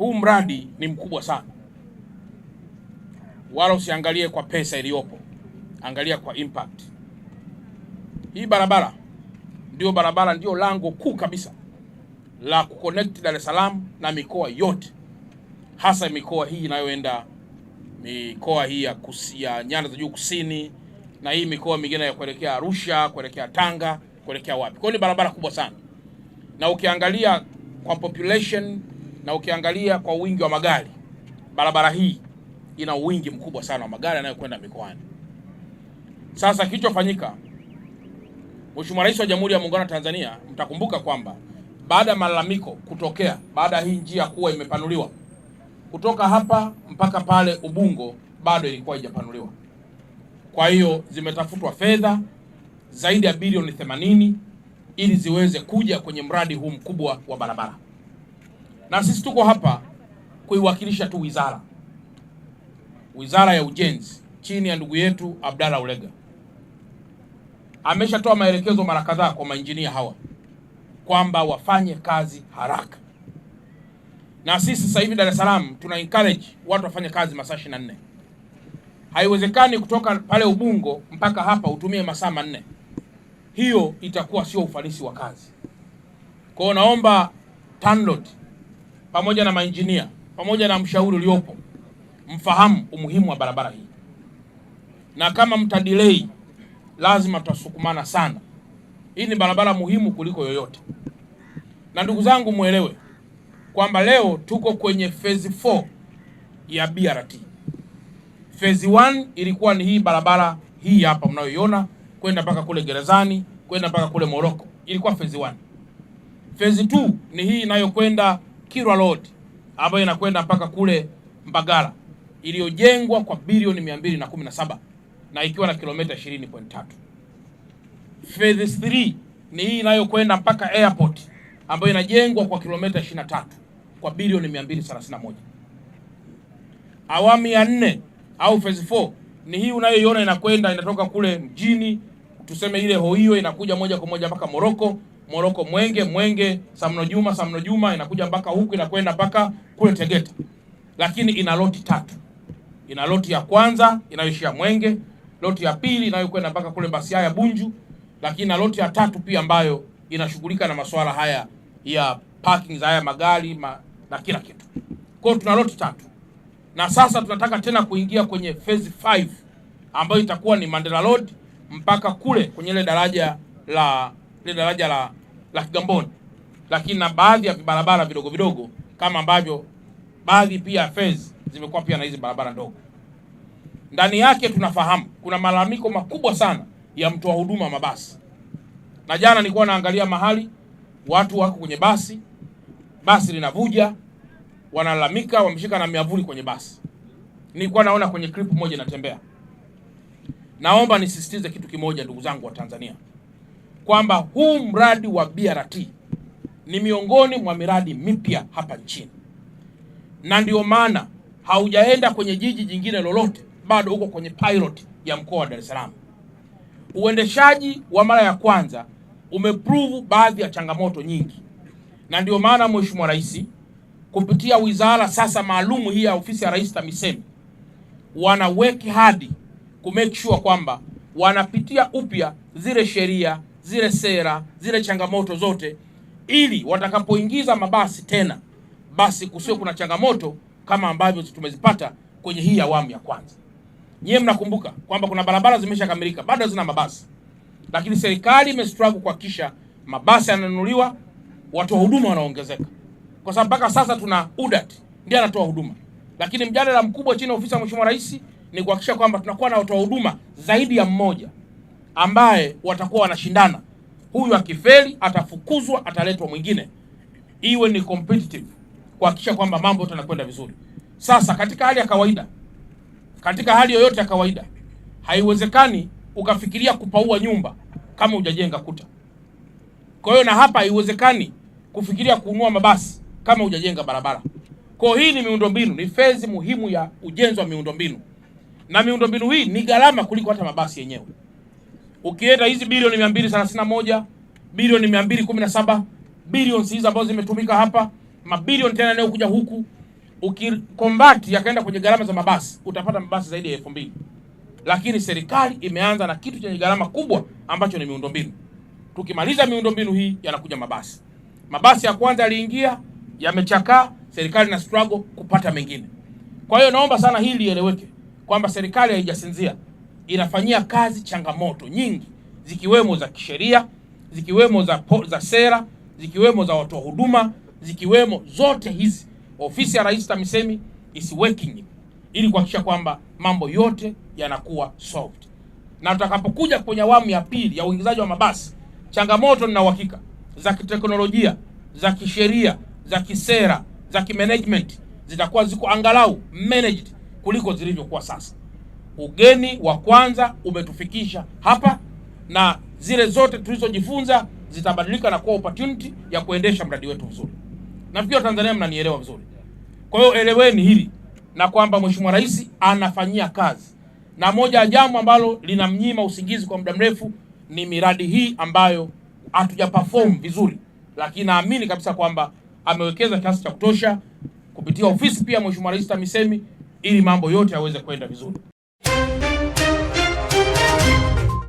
huu mradi ni mkubwa sana, wala usiangalie kwa pesa iliyopo, angalia kwa impact. Hii barabara ndio barabara ndio lango kuu kabisa la kuconnect Dar es Salaam na mikoa yote, hasa mikoa hii inayoenda mikoa hii ya, ya nyanda za juu kusini na hii mikoa mingine ya kuelekea Arusha, kuelekea Tanga, kuelekea wapi. Kwa hiyo ni barabara kubwa sana, na ukiangalia kwa population na ukiangalia kwa wingi wa magari, barabara hii ina wingi mkubwa sana wa magari yanayokwenda mikoani. Sasa kilichofanyika, Mheshimiwa Rais wa Jamhuri ya Muungano wa Tanzania, mtakumbuka kwamba baada ya malalamiko kutokea, baada ya hii njia kuwa imepanuliwa kutoka hapa mpaka pale Ubungo, bado ilikuwa haijapanuliwa. Kwa hiyo zimetafutwa fedha zaidi ya bilioni 80 ili ziweze kuja kwenye mradi huu mkubwa wa barabara na sisi tuko hapa kuiwakilisha tu wizara wizara ya ujenzi chini ya ndugu yetu Abdalla Ulega. Ameshatoa maelekezo mara kadhaa kwa mainjinia hawa kwamba wafanye kazi haraka, na sisi sasa hivi Dar es Salaam tuna encourage watu wafanye kazi masaa 24. Haiwezekani kutoka pale Ubungo mpaka hapa utumie masaa manne, hiyo itakuwa sio ufanisi wa kazi. Kwa hiyo naomba TANROADS pamoja na mainjinia pamoja na mshauri uliopo mfahamu umuhimu wa barabara hii, na kama mtadilei, lazima tutasukumana sana. Hii ni barabara muhimu kuliko yoyote, na ndugu zangu, mwelewe kwamba leo tuko kwenye phase 4 ya BRT. Phase 1 ilikuwa ni hii barabara hii hapa mnayoiona kwenda mpaka kule gerezani kwenda mpaka kule Moroko, ilikuwa phase 1. Phase 2 ni hii inayokwenda Kirwa Road ambayo inakwenda mpaka kule Mbagala iliyojengwa kwa bilioni 217 na ikiwa na kilomita 20.3. Phase 3 ni hii inayokwenda mpaka airport ambayo inajengwa kwa kilomita 23 kwa bilioni 231. Awamu ya nne au phase 4 ni hii unayoiona inakwenda inatoka kule mjini tuseme ile Hoio inakuja moja kwa moja mpaka Moroko Moroko Mwenge, Mwenge Samno Juma, Samno Juma inakuja mpaka huku inakwenda mpaka kule Tegeta, lakini ina loti tatu. Ina loti ya kwanza inayoishia Mwenge, loti ya pili inayokwenda mpaka kule ya Bunju, lakini na loti ya tatu pia ambayo inashughulika na masuala haya ya parking za haya magari ma, na kila kitu. Kwa tuna loti tatu, na sasa tunataka tena kuingia kwenye phase 5 ambayo itakuwa ni Mandela Road mpaka kule kwenye ile daraja la ile daraja la la Kigamboni, lakini na baadhi ya barabara vidogo vidogo kama ambavyo baadhi pia Fez zimekuwa pia na hizi barabara ndogo. Ndani yake tunafahamu kuna malalamiko makubwa sana ya mtoa huduma mabasi, na jana nilikuwa naangalia mahali watu wako kwenye basi, basi linavuja, wanalalamika, wameshika na miavuli kwenye basi. Nilikuwa naona kwenye clip moja inatembea. Naomba nisisitize kitu kimoja, ndugu zangu wa Tanzania kwamba huu mradi wa BRT ni miongoni mwa miradi mipya hapa nchini, na ndio maana haujaenda kwenye jiji jingine lolote, bado uko kwenye pilot ya mkoa wa Dar es Salaam. Uendeshaji wa mara ya kwanza umeprove baadhi ya changamoto nyingi, na ndio maana Mheshimiwa Rais kupitia wizara sasa maalumu hii ya ofisi ya Rais TAMISEMI wanaweki hadi kumake sure kwamba wanapitia upya zile sheria zile sera zile changamoto zote, ili watakapoingiza mabasi tena, basi kusio kuna changamoto kama ambavyo tumezipata kwenye hii awamu ya kwanza. Nyie mnakumbuka kwamba kuna barabara zimeshakamilika bado zina mabasi, lakini serikali imestruggle kuhakikisha mabasi yananunuliwa, wa huduma wanaongezeka, kwa sababu mpaka sasa tuna UDAT ndiye anatoa huduma, lakini mjadala mkubwa chini ya ofisi ya Mheshimiwa Rais ni kuhakikisha kwamba tunakuwa na watoa huduma zaidi ya mmoja ambaye watakuwa wanashindana. Huyu akifeli atafukuzwa, ataletwa mwingine, iwe ni competitive kuhakikisha kwamba mambo yote yanakwenda vizuri. Sasa katika hali ya kawaida, katika hali yoyote ya kawaida, haiwezekani ukafikiria kupaua nyumba kama hujajenga kuta. Kwa hiyo na hapa haiwezekani kufikiria kununua mabasi kama hujajenga barabara. Kwa hiyo hii ni miundombinu, ni fezi muhimu ya ujenzi wa miundombinu, na miundombinu hii ni gharama kuliko hata mabasi yenyewe ukienda hizi bilioni moja bilioni saba bilioni hizi ambazo zimetumika hapa, mabilioni tena yanayokuja huku, ukikombati yakaenda kwenye gharama za mabasi, utapata mabasi zaidi ya 2000. Lakini serikali imeanza na kitu chenye gharama kubwa ambacho ni miundombinu. Tukimaliza miundombinu hii, yanakuja mabasi. Mabasi ya kwanza yaliingia, yamechakaa, serikali na struggle kupata mengine. Kwa hiyo naomba sana hili lieleweke kwamba serikali haijasinzia inafanyia kazi changamoto nyingi zikiwemo za kisheria, zikiwemo za, po, za sera, zikiwemo za watoa huduma, zikiwemo zote hizi. Ofisi ya Rais TAMISEMI is working ili kuhakikisha kwamba mambo yote yanakuwa solved, na tutakapokuja kwenye awamu ya pili ya uingizaji wa mabasi, changamoto nina uhakika za kiteknolojia, za kisheria, za kisera, za kimanagement zitakuwa ziko angalau managed kuliko zilivyokuwa sasa ugeni wa kwanza umetufikisha hapa, na zile zote tulizojifunza zitabadilika na kuwa opportunity ya kuendesha mradi wetu vizuri. Nafikiri Watanzania mnanielewa vizuri, kwa hiyo eleweni hili na kwamba Mheshimiwa Rais anafanyia kazi, na moja ya jambo ambalo linamnyima usingizi kwa muda mrefu ni miradi hii ambayo hatuja perform vizuri, lakini naamini kabisa kwamba amewekeza kiasi cha kutosha kupitia ofisi pia Mheshimiwa Rais TAMISEMI ili mambo yote yaweze kwenda vizuri. Thank you